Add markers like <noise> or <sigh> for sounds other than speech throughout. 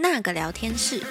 娜個聊天室。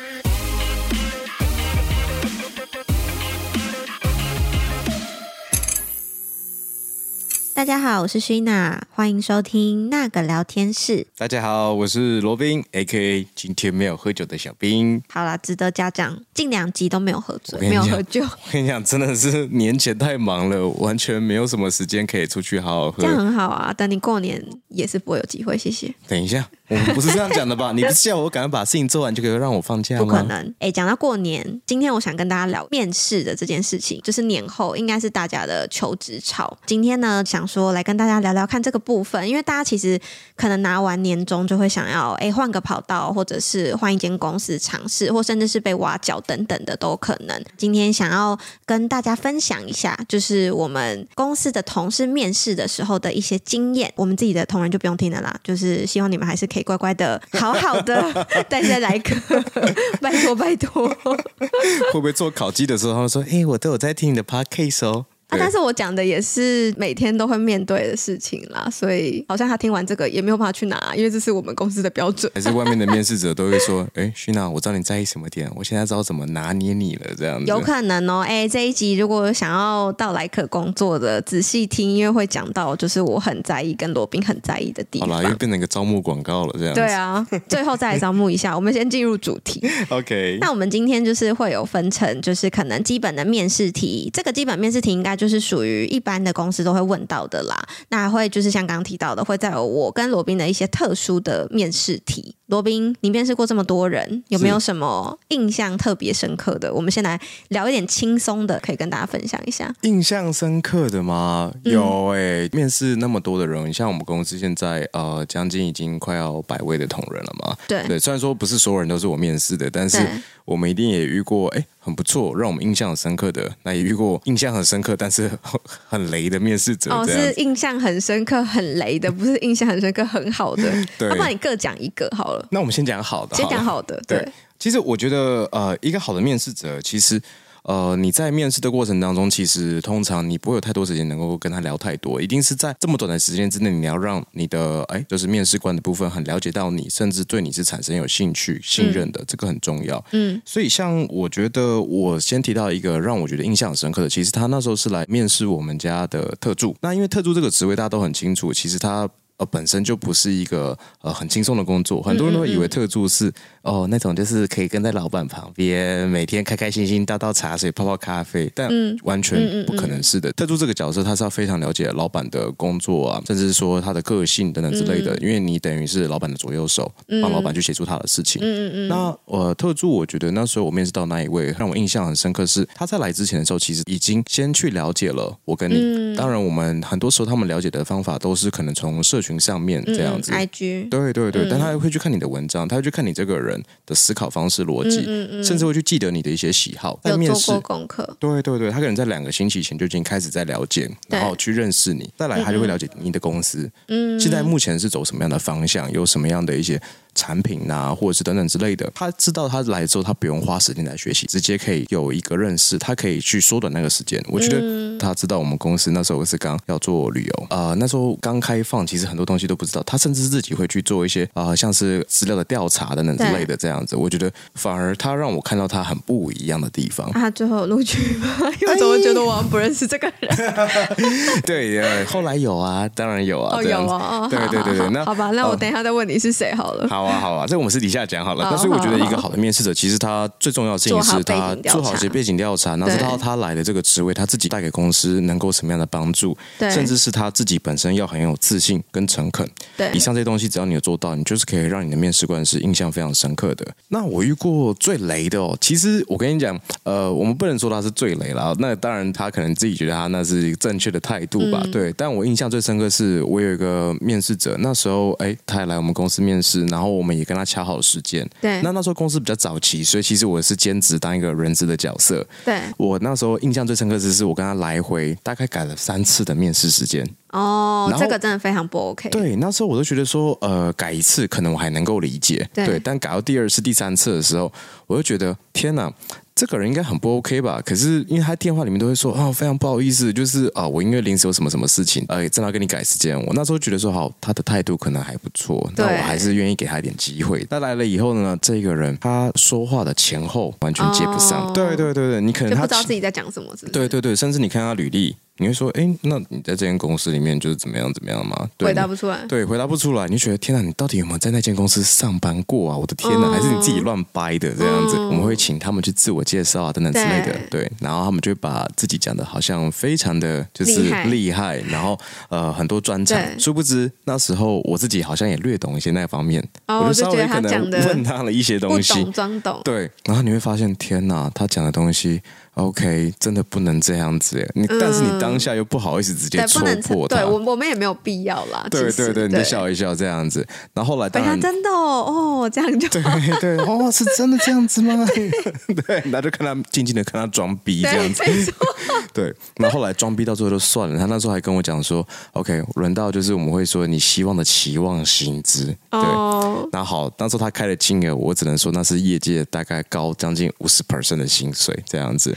大家好，我是 Sheena。歡迎收聽娜個聊天室。大家好，我是羅賓，A.K.A. 今天沒有喝酒的小賓。好啦，值得嘉獎，近兩集都沒有喝醉，沒有喝酒。我跟你講，真的是年前太忙了，完全沒有什麼時間可以出去好好喝。這樣很好啊，等你過年也是不會有機會。謝謝。等一下，我們不是這樣講的吧？ <laughs> 你不是叫我，我趕快把事情做完就可以讓我放假嗎？不可能。哎，講到過年，今天我想跟大家聊面試的這件事情，就是年後應該是大家的求職潮。今天呢，想說來跟大家聊聊看這個部分，因為大家其實可能拿完年終就會想要，誒換個跑道，或者是換一間公司嘗試，或甚至是被挖角等等的都可能。今天想要跟大家分享一下，就是我們公司的同事面試的時候的一些經驗。我們自己的同仁就不用聽了啦，就是希望你們還是可以乖乖的、好好的待 <laughs> 在萊可， <laughs> 拜托拜托。 <laughs> 會不會做烤雞的時候，他們說：“哎、欸，我都有在聽你的 podcast 哦。”啊！但是我講的也是每天都會面對的事情啦，所以好像他聽完這個也沒有辦法去拿，因為這是我們公司的標準。還是外面的面試者都會說：“哎， <laughs> 徐娜，我知道你在意什麼點，我現在知道怎麼拿捏你了。”這樣子有可能哦。哎，這一集如果想要到萊可工作的，仔細聽，因為會講到就是我很在意跟羅賓很在意的地方。好啦，又變成一個招募廣告了，這樣子對啊。最後再來招募一下， <laughs> 我們先進入主題。OK，那我們今天就是會有分成，就是可能基本的面試題，這個基本面試題應該。就是屬於一般的公司都會問到的啦，那還會就是像剛剛提到的，會在我跟羅賓的一些特殊的面試題。羅賓，你面試過這麼多人，是有沒有什麼印象特別深刻的？我們先來聊一點輕鬆的，可以跟大家分享一下。印象深刻的嗎？有誒，欸，嗯，面試那麼多的人，像我們公司現在呃，將近已經快要百位的同仁了嘛。對對，雖然說不是所有人都是我面試的，但是我們一定也遇過誒。欸很不錯，讓我們印象很深刻的，那也遇過印象很深刻但是很雷的面試者。哦，是印象很深刻、很雷的，不是印象很深刻、很好的。 <laughs> 對，那幫、啊、你各講一個好了。那我們先講好的，先講好的。好了對，對其實我覺得，呃，一個好的面試者其實。呃，你在面試的過程當中，其實通常你不會有太多時間能夠跟他聊太多，一定是在這麼短的時間之內，你要讓你的誒，就是面試官的部分很了解到你，甚至對你是產生有興趣、信任的，嗯，這個很重要。嗯，所以像我覺得，我先提到一個讓我覺得印象很深刻的，其實他那時候是來面試我們家的特助。那因為特助這個職位大家都很清楚，其實他呃本身就不是一個呃很輕鬆的工作，很多人都會以為特助是。哦，那種就是可以跟在老闆旁邊，每天開開心心倒倒茶水、泡泡咖啡，但完全不可能是的。嗯嗯嗯嗯，特助這個角色，他是要非常了解老闆的工作啊，甚至說他的個性等等之類的，嗯，因為你等於是老闆的左右手，嗯，幫老闆去協助他的事情。嗯嗯嗯，那呃特助，我覺得那時候我面試到那一位，讓我印象很深刻是他在來之前的時候，其實已經先去了解了我跟你。嗯，當然，我們很多時候他們了解的方法都是可能從社群上面這樣子，嗯、IG，對對對，嗯，但他會去看你的文章，他會去看你這個人的思考方式、邏輯，嗯嗯嗯甚至會去記得你的一些喜好。在面試功課？對對對，他可能在兩個星期前就已經開始在了解，對然後去認識你。再來，他就會了解你的公司。嗯嗯，現在目前是走什麼樣的方向？有什麼樣的一些？產品啊，或者是等等之類的，他知道他來之後，他不用花時間來學習，直接可以有一個認識，他可以去縮短那個時間。我覺得他知道我們公司那時候是剛要做旅遊啊、呃，那時候剛開放，其實很多東西都不知道，他甚至自己會去做一些啊、呃，像是資料的調查等等之類的這樣子。對我覺得反而他讓我看到他很不一樣的地方他、啊、最後錄取嗎，他怎麼覺得我們不認識這個人？哎、 <laughs> 對呀，後來有啊，當然有啊，哦、有啊、哦，對、哦、對對對。那好吧，那我等一下再問你是誰好了。哦、好。好啊好啊，這個我們私底下講好了。好，但是我覺得一個好的面試者，其實他最重要的事情是做他做好一些背景調查。那他對他來的這個職位，他自己帶給公司能夠什麼樣的幫助？對，甚至是他自己本身要很有自信跟誠懇。對，以上這些東西，只要你有做到，你就是可以讓你的面試官是印象非常深刻的。那我遇過最雷的哦，其實我跟你講，呃，我們不能說他是最雷了。那當然他可能自己覺得他那是一個正確的態度吧。嗯、對，但我印象最深刻是，我有一個面試者，那時候哎、欸，他也來我們公司面試，然後。我們也跟他敲好時間，對。那那時候公司比較早期，所以其實我是兼職當一個人資的角色。對。我那時候印象最深刻的是，我跟他來回大概改了三次的面試時間。哦，然後，這個真的非常不 OK。對，那時候我都覺得說，呃，改一次可能我還能夠理解，對，對。但改到第二次、第三次的時候，我就覺得天哪！這個人應該很不 OK 吧？可是因為他電話裡面都會說啊、哦，非常不好意思，就是啊，我因為臨時有什麼什麼事情，呃，正要跟你改時間。我那時候覺得說好，他的態度可能還不錯，對那我還是願意給他一點機會。他來了以後呢，這個人他說話的前後完全接不上，哦、對對對，你可能他就不知道自己在講什麼之對對對，甚至你看他履歷。你會說，誒，那你在這間公司裡面就是怎麼樣怎麼樣嗎？對，回答不出來，對，回答不出來。你覺得，天哪，你到底有沒有在那間公司上班過啊？我的天哪，哦、還是你自己亂掰的這樣子？哦、我們會請他們去自我介紹啊，等等之類的，對，對。然後他們就會把自己講的好像非常的，就是厲害，厲害，然後呃，很多專長。對，殊不知那時候我自己好像也略懂一些那方面，哦、我就稍微可能問他了一些東西，不懂裝懂，對，然後你會發現，天哪，他講的東西。OK，真的不能這樣子耶，你但是你當下又不好意思直接戳破他，對，我我們也沒有必要啦。對對對，你就笑一笑這樣子，然後後來大家真的哦哦，這樣就對對哦，是真的這樣子嗎？對，那就看他靜靜的看他裝逼這樣子，對，那後來裝逼到最後就算了。他那時候還跟我講說，OK，輪到就是我們會說你希望的期望薪資，對，那好，當時他開的金額，我只能說那是業界大概高將近五十 percent 的薪水這樣子。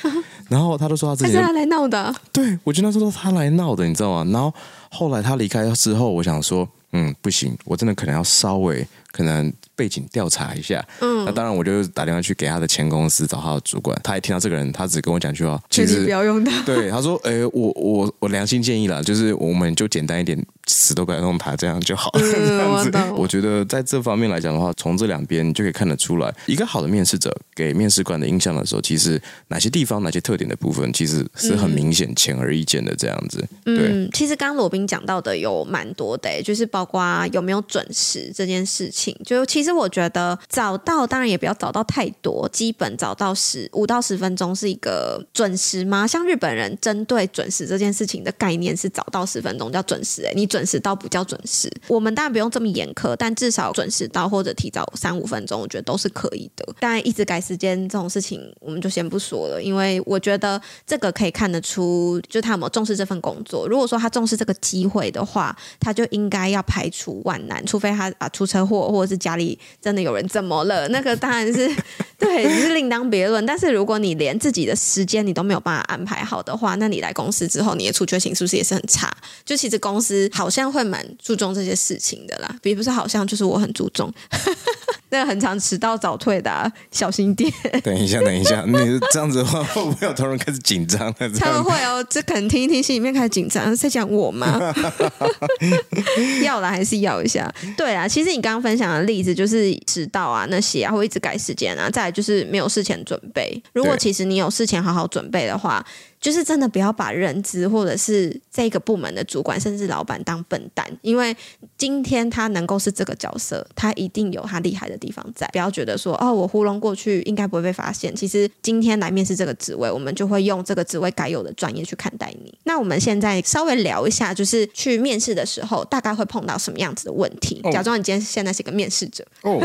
然後他都說他自己，是他來鬧的啊，對，我覺得他就那時候說他來鬧的，你知道嗎？然後後來他離開之後，我想說，嗯，不行，我真的可能要稍微。可能背景調查一下，那、嗯啊、當然我就打電話去給他的前公司找他的主管，他也聽到這個人，他只跟我講說，確實不要用他。對，他說，哎、欸，我我我良心建議啦，就是我們就簡單一點，死都不要動他，這樣就好了。我覺得在這方面來講的話，從這兩邊就可以看得出來，一個好的面試者給面試官的印象的時候，其實哪些地方、哪些特點的部分，其實是很明顯、顯而易見的這樣子。嗯，對。嗯，其實剛羅賓講到的有蠻多的、欸，就是包括有沒有準時這件事情。就其實我覺得早到當然也不要早到太多，基本早到十五到十分鐘是一個準時嗎？像日本人針對準時這件事情的概念是早到十分鐘叫準時、欸，哎，你準時到不叫準時。我們當然不用這麼嚴苛，但至少準時到或者提早三五分鐘，我覺得都是可以的。但一直改時間這種事情，我們就先不說了，因為我覺得這個可以看得出，就是、他有沒有重視這份工作。如果說他重視這個機會的話，他就應該要排除萬難，除非他啊出車禍。或者是家裡真的有人怎麼了，那個當然是 <laughs> 對，是另當別論。但是如果你連自己的時間你都沒有辦法安排好的話，那你來公司之後你的出缺勤是不是也是很差？就其實公司好像會蠻注重這些事情的啦，比如說好像就是我很注重。 <laughs> 那個很常遲到早退的，啊，小心點。等一下，等一下，你這樣子的話，會不會有同仁開始緊張？他們會哦，這可能聽一聽，心裡面開始緊張。在講我嗎？ <laughs> <laughs> 要了還是要一下？對啊，其實你剛剛分享的例子就是遲到啊，那些啊，會一直改時間啊，再來，就是沒有事前準備，如果其實你有事前好好準備的話，就是真的不要把人資或者是這個部門的主管甚至老板，當笨蛋，因為今天他能夠是這個角色，他一定有他厲害的地方在。不要覺得說哦，我糊弄過去應該不會被發現。其實今天來面試這個職位，我們就會用這個職位該有的專業去看待你。那我們現在稍微聊一下，就是去面試的時候大概會碰到什麼樣子的問題。假裝你今天現在是個面試者。哦，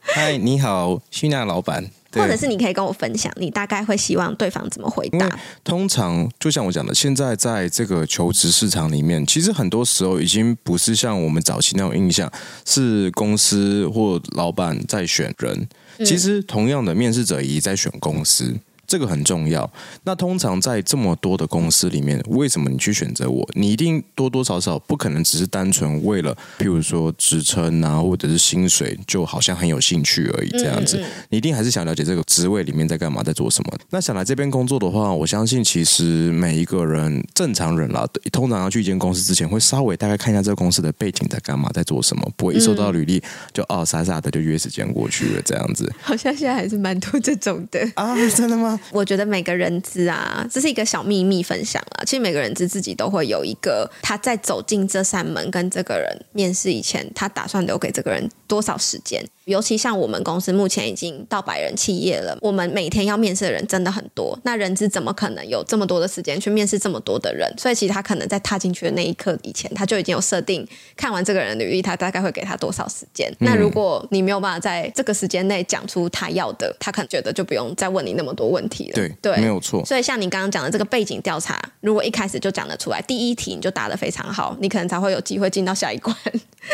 嗨，你好，Sheena 老闆。或者是你可以跟我分享，對你大概會希望對方怎麼回答？通常就像我講的，現在在這個求職市場裡面，其實很多時候已經不是像我們早期那種印象，是公司或老闆在選人，嗯，其實同樣的，面試者也在選公司。這個很重要。那通常在這麼多的公司裡面，為什麼你去選擇我？你一定多多少少不可能只是單純為了，譬如說職稱啊，或者是薪水，就好像很有興趣而已這樣子。你一定還是想了解這個職位裡面在幹嘛，在做什麼。那想來這邊工作的話，我相信其實每一個人，正常人啦，通常要去一間公司之前，會稍微大概看一下這個公司的背景在幹嘛，在做什麼，不會一收到履歷就哦傻傻的就約時間過去了這樣子。好像現在還是蠻多這種的啊？真的嗎？我覺得每個人資啊，這是一個小祕密分享啊，其實每個人資自己都會有一個，他在走進這扇門跟這個人面試以前，他打算留給這個人多少時間。尤其像我們公司目前已經到百人企業了，我們每天要面試的人真的很多，那人資怎麼可能有這麼多的時間去面試這麼多的人？所以，其實他可能在踏進去的那一刻以前，他就已經有設定，看完這個人的履歷，他大概會給他多少時間。嗯，那如果你沒有辦法在這個時間內講出他要的，他可能覺得就不用再問你那麼多問題了。對，對，沒有錯。所以，像你剛剛講的這個背景調查，如果一開始就講得出來，第一題你就答得非常好，你可能才會有機會進到下一關。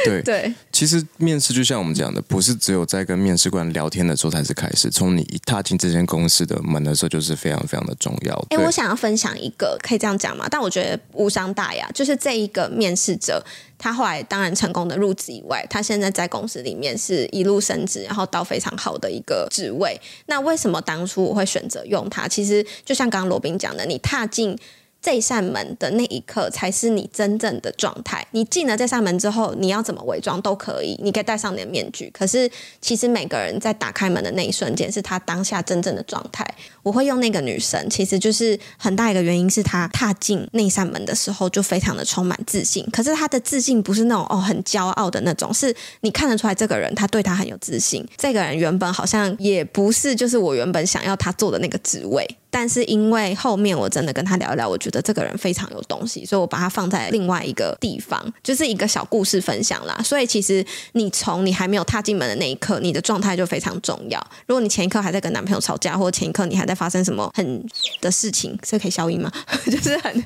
對， <laughs> 對，其實面試就像我們講的，不是。只有在跟面試官聊天的時候才是開始，從你一踏進這間公司的門的時候，就是非常非常的重要。哎、欸，我想要分享一個，可以這樣講嗎？但我覺得無傷大雅。就是這一個面試者，他後來當然成功的入職以外，他現在在公司裡面是一路升職，然後到非常好的一個職位。那為什麼當初我會選擇用他？其實就像剛剛羅賓講的，你踏進。這扇門的那一刻才是你真正的狀態。你進了這扇門之後，你要怎麼偽裝都可以，你可以戴上你的面具。可是，其實每個人在打開門的那一瞬間，是他當下真正的狀態。我會用那個女生，其實就是很大一個原因，是她踏進那扇門的時候就非常的充滿自信。可是她的自信不是那種哦，很驕傲的那種，是你看得出來這個人她對他很有自信。這個人原本好像也不是就是我原本想要她做的那個職位。但是因為後面我真的跟他聊一聊，我覺得這個人非常有東西，所以我把他放在另外一個地方，就是一個小故事分享啦。所以其實你從你還沒有踏進門的那一刻，你的狀態就非常重要。如果你前一刻還在跟男朋友吵架，或者前一刻你還在發生什麼很的事情，這可以消音嗎？ <laughs> 就是很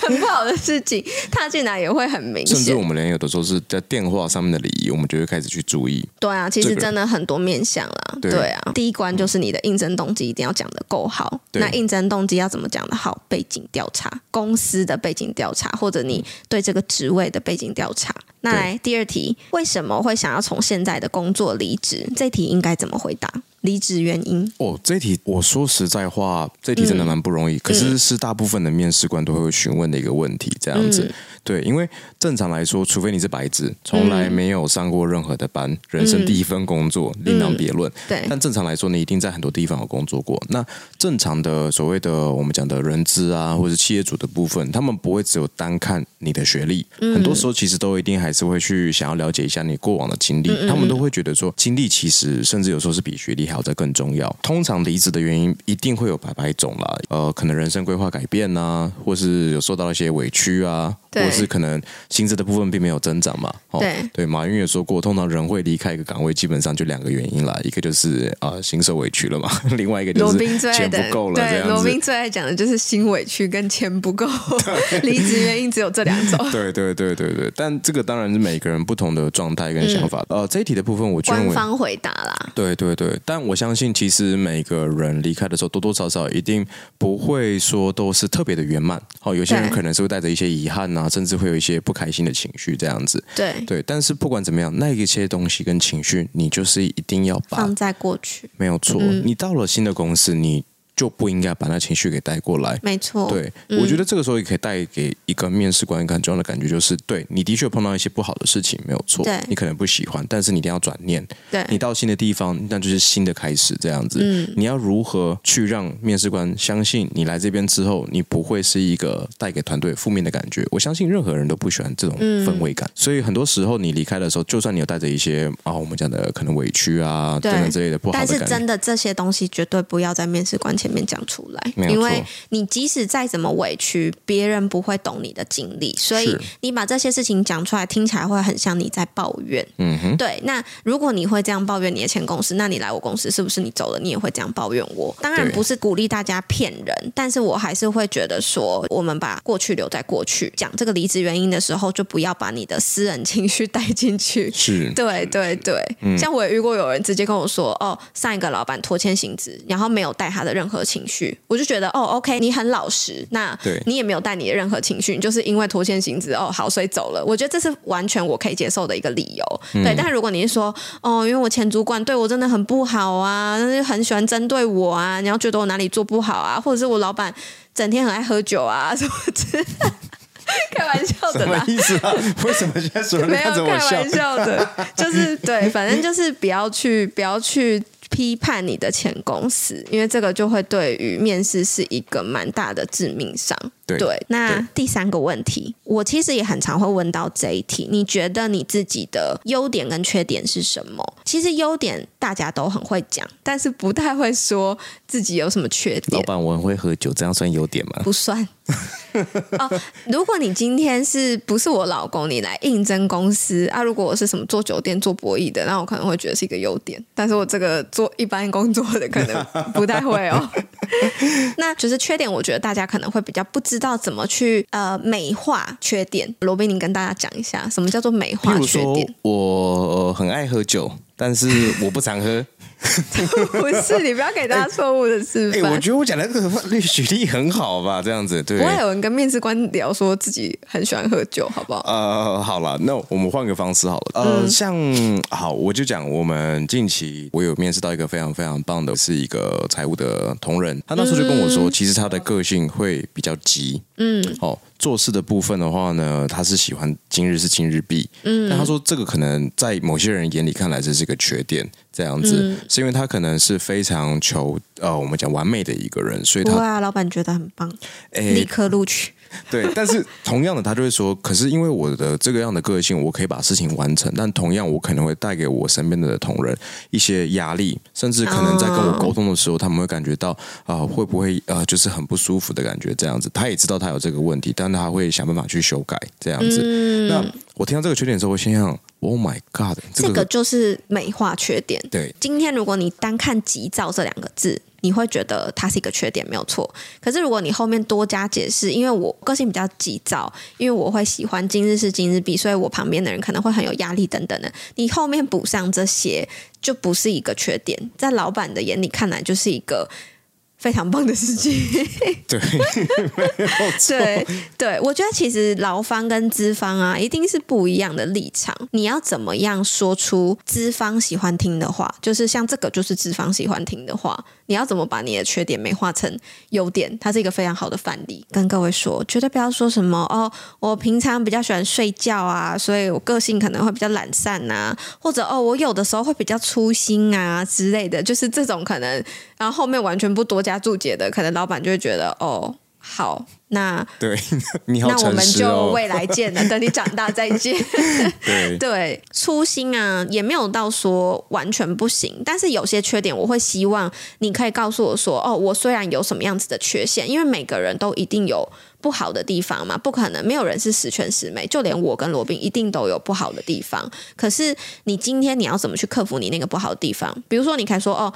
很不好的事情，踏進來也會很明顯。甚至我們連有的時候是在電話上面的禮儀，我們就會開始去注意。對啊，其實真的很多面向啦。對啊，對第一關就是你的應徵動機一定要講得夠好。那應徵動機要怎麼講的？好，背景調查，公司的背景調查，或者你對這個職位的背景調查。那來對第二題，為什麼會想要從現在的工作離職？這題應該怎麼回答？離職原因哦，這題我說實在話，啊，這題真的蠻不容易。嗯、可是是大部分的面試官都會詢問的一個問題，這樣子，嗯、對，因為正常來說，除非你是白紙，從來沒有上過任何的班，嗯、人生第一份工作，嗯、另當別論，嗯。對，但正常來說，你一定在很多地方有工作過。那正常的所謂的我們講的人資啊，或者企業組的部分，他們不會只有單看你的學歷，嗯、很多時候其實都一定還是會去想要了解一下你過往的經歷。嗯嗯，他們都會覺得說，經歷其實甚至有時候是比學歷還。好，的更重要。通常離職的原因一定會有百百種啦，呃，可能人生規劃改變吶、啊，或是有受到一些委屈啊，對或是可能薪資的部分並沒有增長嘛。對、哦、對，馬雲也說過，通常人會離開一個崗位，基本上就兩個原因啦，一個就是啊，心、呃、受委屈了嘛，另外一個就是錢不夠了。對，這樣子，羅賓最愛講的就是心委屈跟錢不夠，離職對原因只有這兩種。對對對對對，但這個當然是每個人不同的狀態跟想法。嗯、呃，這一題的部分我覺得官方回答啦。對對對，但。我相信，其實每個人離開的時候，多多少少一定不會說都是特別的圓滿哦。有些人可能是會帶着一些遺憾吶、啊，甚至會有一些不開心的情緒這樣子。對對，但是不管怎麼樣，那一些東西跟情緒，你就是一定要把它放在過去。沒有錯，嗯、你到了新的公司，你。就不應該把那情緒給帶過來，沒錯。對、嗯、我覺得這個時候也可以帶給一個面試官一個很重要的感覺，就是，對，你的確碰到一些不好的事情，沒有錯。對，你可能不喜歡，但是你一定要轉念。對，你到新的地方，那就是新的開始，這樣子。嗯，你要如何去讓面試官相信你來這邊之後，你不會是一個帶給團隊負面的感覺？我相信任何人都不喜歡這種氛圍感，嗯、所以很多時候你離開的時候，就算你有帶着一些啊，我們講的可能委屈啊，對，等等之類的不好的。但是真的這些東西絕對不要在面試官前。裡面講出來，因為你即使再怎麼委屈，別人不會懂你的經歷，所以你把這些事情講出來，聽起來會很像你在抱怨。嗯哼，對。那如果你會這樣抱怨你的前公司，那你來我公司是不是你走了，你也會這樣抱怨我？當然不是鼓勵大家騙人，對但是我還是會覺得說，我們把過去留在過去，講這個離職原因的時候，就不要把你的私人情緒帶進去。是，對對對。對對嗯、像我如果有人直接跟我說：“哦，上一個老闆拖欠薪資，然後沒有帶他的任何。”和情緒，我就覺得哦，OK，你很老實，那你也沒有帶你的任何情緒，對就是因為拖欠薪資哦，好，所以走了。我覺得這是完全我可以接受的一個理由，嗯、對。但是如果你是說，哦，因為我前主管對我真的很不好啊，但是很喜歡針對我啊，你要覺得我哪裡做不好啊，或者是我老板整天很愛喝酒啊什麼之類的，開玩笑的啦，什麼意思啊？為什麼現樣說？沒有，開玩笑的。就是對，反正就是不要去，不要去。批判你的前公司，因為這個就會對於面試是一個蠻大的致命傷。對，對，那第三個問題，對我其實也很常會問到這一題。你覺得你自己的優點跟缺點是什麼？其實優點大家都很會講，但是不太會說自己有什麼缺點。老闆，我很會喝酒，這樣算優點嗎？不算。 <laughs> 哦，如果你今天是不是我老公，你來應徵公司啊？如果我是什麼做酒店做博弈的，那我可能會覺得是一個優點。但是我這個做一般工作的，可能不太會哦。 <laughs> 那只是缺點，我覺得大家可能會比較不知道怎麼去呃美化缺點。羅賓，你跟大家講一下，什麼叫做美化缺點？我很愛喝酒，但是我不常喝。 <laughs> <laughs> 不是，你不要給大家錯誤的示範，欸欸。我覺得我講的這個舉例很好吧，這樣子。對，不會有人跟面試官聊，說自己很喜歡喝酒，好不好？呃，好了，那我們換個方式好了。嗯、呃，像好，我就講，我們近期我有面試到一個非常非常棒的，是一個財務的同仁，他那時候就跟我說，嗯、其實他的個性會比較急。嗯、好、哦。做事的部分的話呢，他是喜歡今日事今日畢。嗯，但他說這個可能在某些人眼裡看來這是一個缺點，這樣子、嗯、是因為他可能是非常求，呃，我們講完美的一個人，所以他、對啊、老闆覺得很棒，欸、立刻錄取。 <laughs> 對，但是同樣的，他就會說，可是因為我的這個樣的個性，我可以把事情完成，但同樣，我可能會帶給我身邊的同仁一些壓力，甚至可能在跟我溝通的時候，哦、他們會感覺到啊、呃，會不會呃，就是很不舒服的感覺，這樣子。他也知道他有這個問題，但他會想辦法去修改這樣子。嗯、那我聽到這個缺點之後，我心想，Oh my God，這個，這個就是美化缺點。對，今天如果你單看急躁這兩個字，你會覺得他是一個缺點，沒有錯。可是如果你後面多加解釋，因為我個性比較急躁，因為我會喜歡今日事今日畢，所以我旁邊的人可能會很有壓力等等的。你後面補上這些，就不是一個缺點，在老闆的眼裡看來就是一個。非常棒的事情， <laughs> 對對對，我覺得其實勞方跟資方啊，一定是不一樣的立場。你要怎麼樣說出資方喜歡聽的話？就是像這個，就是資方喜歡聽的話。你要怎麼把你的缺點美化成優點？它是一個非常好的範例，跟各位說，絕對不要說什麼哦，我平常比較喜歡睡覺啊，所以我個性可能會比較懶散啊，或者哦，我有的時候會比較粗心啊之類的，就是這種可能。然後後面完全不多加注解的，可能老板就會覺得哦，好，那對，你好誠實哦、那我們就未來見了，等你長大再見。對，粗 <laughs> 心啊，也沒有到說完全不行，但是有些缺點，我會希望你可以告訴我說，哦，我雖然有什麼樣子的缺陷，因為每個人都一定有不好的地方嘛，不可能沒有人是十全十美，就連我跟羅賓一定都有不好的地方。可是你今天你要怎麼去克服你那個不好的地方？比如說，你可以說哦。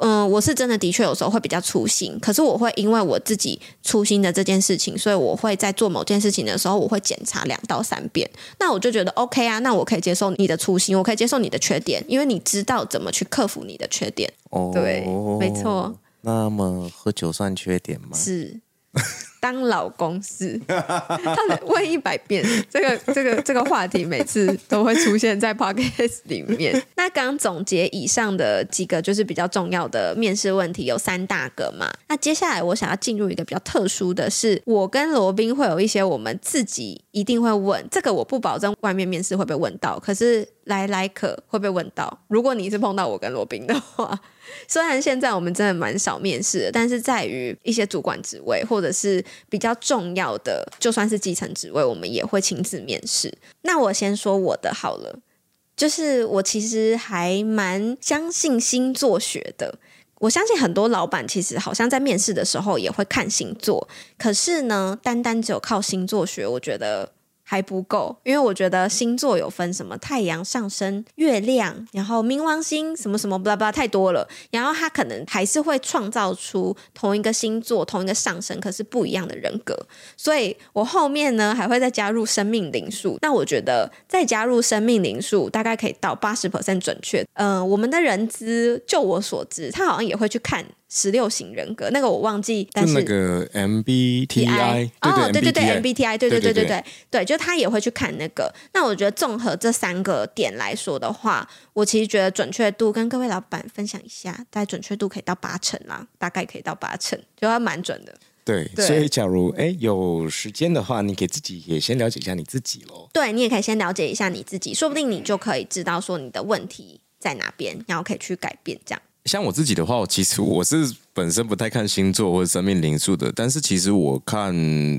嗯，我是真的的確有時候會比較粗心，可是我會因為我自己粗心的這件事情，所以我會在做某件事情的時候，我會檢查兩到三遍。那我就覺得 OK 啊，那我可以接受你的粗心，我可以接受你的缺點，因為你知道怎麼去克服你的缺點。哦，對，沒錯。那麼喝酒算缺點嗎？是。 <laughs> 當老公是，他問一百遍這個這個這個話題，每次都會出現在 podcast 裡面。那剛總結以上的幾個，就是比較重要的面試問題，有三大個嘛。那接下來我想要進入一個比較特殊的是，我跟羅賓會有一些我們自己一定會問，這個我不保證外面面試會被問到，可是萊萊可會被問到，如果你是碰到我跟羅賓的話。雖然現在我們真的蠻少面試的，但是在於一些主管職位或者是比較重要的，就算是基層職位，我們也會親自面試。那我先說我的好了，就是我其實還蠻相信星座學的。我相信很多老闆其實好像在面試的時候也會看星座，可是呢，單單只有靠星座學，我覺得。還不夠，因為我覺得星座有分什麼太陽上升、月亮，然後冥王星什麼什麼，巴拉巴拉太多了。然後他可能還是會創造出同一個星座、同一個上升，可是不一樣的人格。所以我後面呢還會再加入生命靈數。那我覺得再加入生命靈數，大概可以到八十 percent 準確。嗯、呃，我們的人資，就我所知，他好像也會去看。十六型人格，那個我忘記，但是那個 MBTI 對哦，MBTI，對對對，MBTI，對對對對對對，就他也會去看那個。那我覺得綜合這三個點來說的話，我其實覺得準確度跟各位老板分享一下，大概準確度可以到八成啦，大概可以到八成，就還蠻準的。對，對所以假如哎有時間的話，你給自己也先了解一下你自己嘍。對你也可以先了解一下你自己，說不定你就可以知道說你的問題在哪邊，然後可以去改變這樣。像我自己的話，我其實我是本身不太看星座或者生命靈數的，但是其實我看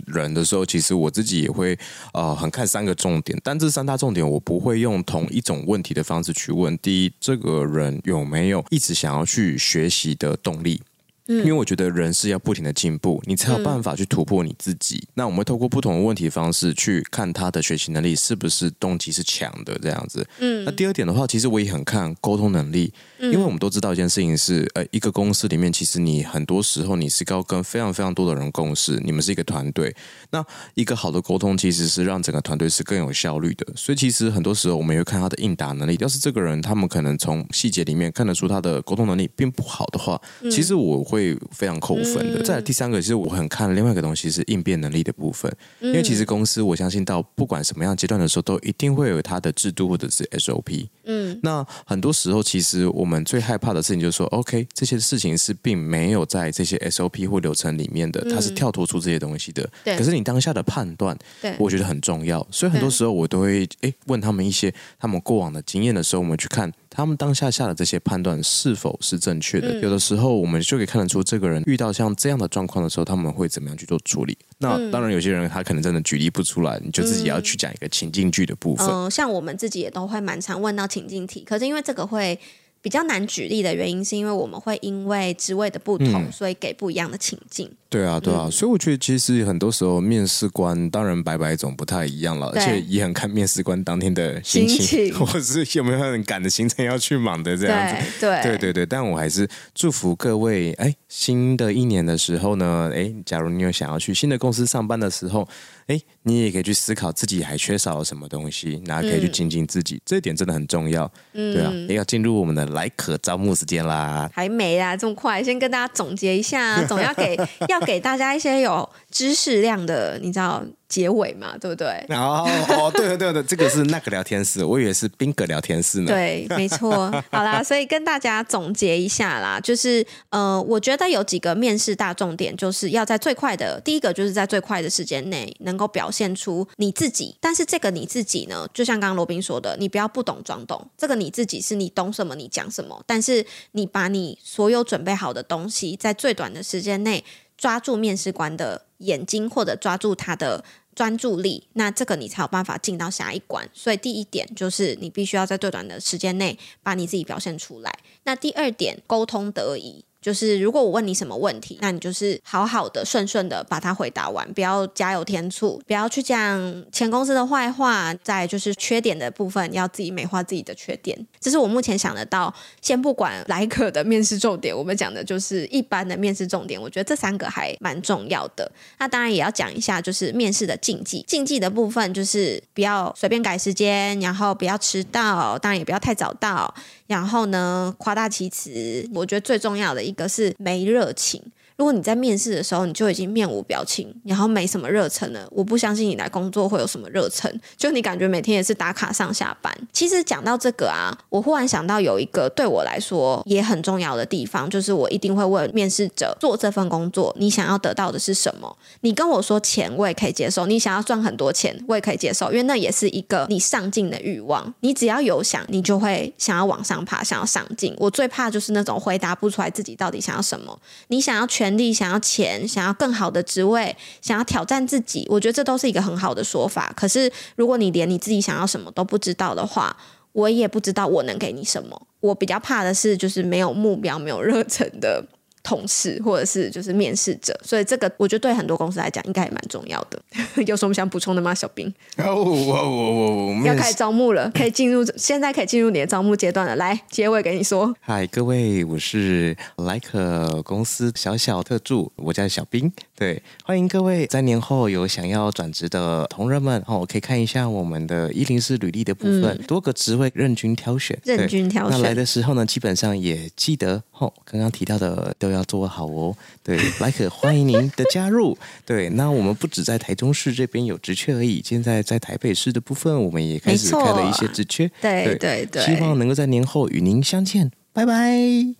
人的時候，其實我自己也會，呃，很看三個重點，但這三大重點我不會用同一種問題的方式去問。第一，這個人有沒有一直想要去學習的動力？嗯，因為我覺得人是要不停地進步，你才有辦法去突破你自己。嗯，那我們會透過不同的問題方式去看他的學習能力是不是動機是強的，這樣子。嗯，那第二點的話，其實我也很看溝通能力。因為我們都知道一件事情是，呃，一個公司裡面，其實你很多時候你是要跟非常非常多的人共事，你們是一個團隊。那一個好的溝通其實是讓整個團隊是更有效率的。所以其實很多時候我們也會看他的應答能力。要是這個人他們可能從細節裡面看得出他的溝通能力並不好的話，其實我會非常扣分的。再來第三個，其實我很看另外一個東西是應變能力的部分，因為其實公司我相信到不管什麼樣階段的時候，都一定會有它的制度或者是 SOP。嗯，那很多時候其實我們。我們最害怕的事情就是說，OK，這些事情是並沒有在這些 SOP 或流程裡面的，嗯、它是跳脫出這些東西的。對，可是你當下的判斷，對，我覺得很重要。所以很多時候我都會哎對問他們一些他們過往的經驗的時候，我們去看他們當下下的這些判斷是否是正確的。嗯、有的時候我們就可以看得出這個人遇到像這樣的狀況的時候，他們會怎麼樣去做處理。那當然，有些人他可能真的舉例不出來，你就自己要去講一個情境劇的部分。嗯、呃，像我們自己也都會蠻常問到情境題，可是因為這個會。比較難舉例的原因，是因為我們會因為職位的不同，嗯、所以給不一樣的情境。對啊，對啊，嗯、所以我覺得其實很多時候面試官當然百百種不太一樣了，對而且也很看面試官當天的心情，心情或是有沒有很趕的行程要去忙的這樣子對。對對對對，但我還是祝福各位，哎，新的一年的時候呢，哎，假如你有想要去新的公司上班的時候，哎，你也可以去思考自己還缺少了什麼東西，然後可以去精進、進自己，嗯、這一點真的很重要。嗯、對啊，要進入我們的萊可招募時間啦，還沒啊，這麼快？先跟大家總結一下，啊，總要給要。 <laughs> 給大家一些有知識量的，你知道結尾嘛，對不對？哦，對，對的對的，這個是那個聊天室，我以為是賓格聊天室呢。對，沒錯。好啦，所以跟大家總結一下啦，就是呃，我覺得有幾個面試大重點，就是要在最快的，第一個就是在最快的時間內能夠表現出你自己。但是這個你自己呢，就像剛剛羅賓說的，你不要不懂裝懂。這個你自己是你懂什麼，你講什麼，但是你把你所有準備好的東西，在最短的時間內。抓住面試官的眼睛，或者抓住他的專注力，那這個你才有辦法進到下一關。所以第一點就是，你必須要在最短的時間內把你自己表現出來。那第二點，溝通得宜。就是如果我問你什麼問題，那你就是好好的順順的把它回答完，不要加油添醋，不要去講前公司的壞話，再就是缺點的部分要自己美化自己的缺點。這是我目前想得到。先不管萊可的面試重點，我們講的就是一般的面試重點。我覺得這三個還蠻重要的。那當然也要講一下，就是面試的禁忌。禁忌的部分就是不要隨便改時間，然後不要遲到，當然也不要太早到。然後呢，誇大其詞。我覺得最重要的。一個是沒熱情。如果你在面試的時候，你就已經面無表情，然後沒什麼熱忱了，我不相信你來工作會有什麼熱忱。就你感覺每天也是打卡上下班。其實講到這個啊，我忽然想到有一個對我來說也很重要的地方，就是我一定會問面試者，做這份工作你想要得到的是什麼？你跟我說錢，我也可以接受；你想要賺很多錢，我也可以接受，因為那也是一個你上進的欲望。你只要有想，你就會想要往上爬，想要上進。我最怕就是那種回答不出來自己到底想要什麼。你想要全力想要錢，想要更好的職位，想要挑戰自己，我覺得這都是一個很好的說法。可是，如果你連你自己想要什麼都不知道的話，我也不知道我能給你什麼。我比較怕的是，就是沒有目標、沒有熱忱的。同事，或者是就是面試者，所以這個我覺得對很多公司來講應該也蠻重要的。有什麼想補充的嗎？小賓？要開始招募了，哦、可以進入，現在可以進入你的招募階段了。來，結尾給你說，嗨，各位，我是萊可公司小小特助，我叫小賓。對，歡迎各位在年後有想要轉職的同仁們哦，可以看一下我們的104履歷的部分，嗯、多個職位任君挑選，任君挑選。那來的時候呢，基本上也記得哦，剛剛提到的都要做好哦。對，萊可、 <laughs> like, 歡迎您的加入。 <laughs> 對，那我們不只在台中市這邊有職缺而已，現在在台北市的部分，我們也開始開了一些職缺。對對對，對，希望能夠在年後與您相見。拜拜！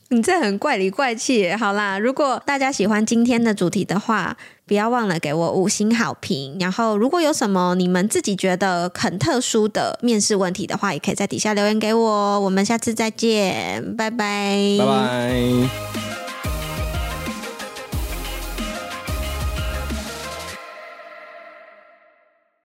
你這很怪裡怪氣。好啦，如果大家喜歡今天的主題的話，不要忘了給我五星好評。然後，如果有什麼你們自己覺得很特殊的面試問題的話，也可以在底下留言給我哦。我們下次再見，拜拜，拜拜。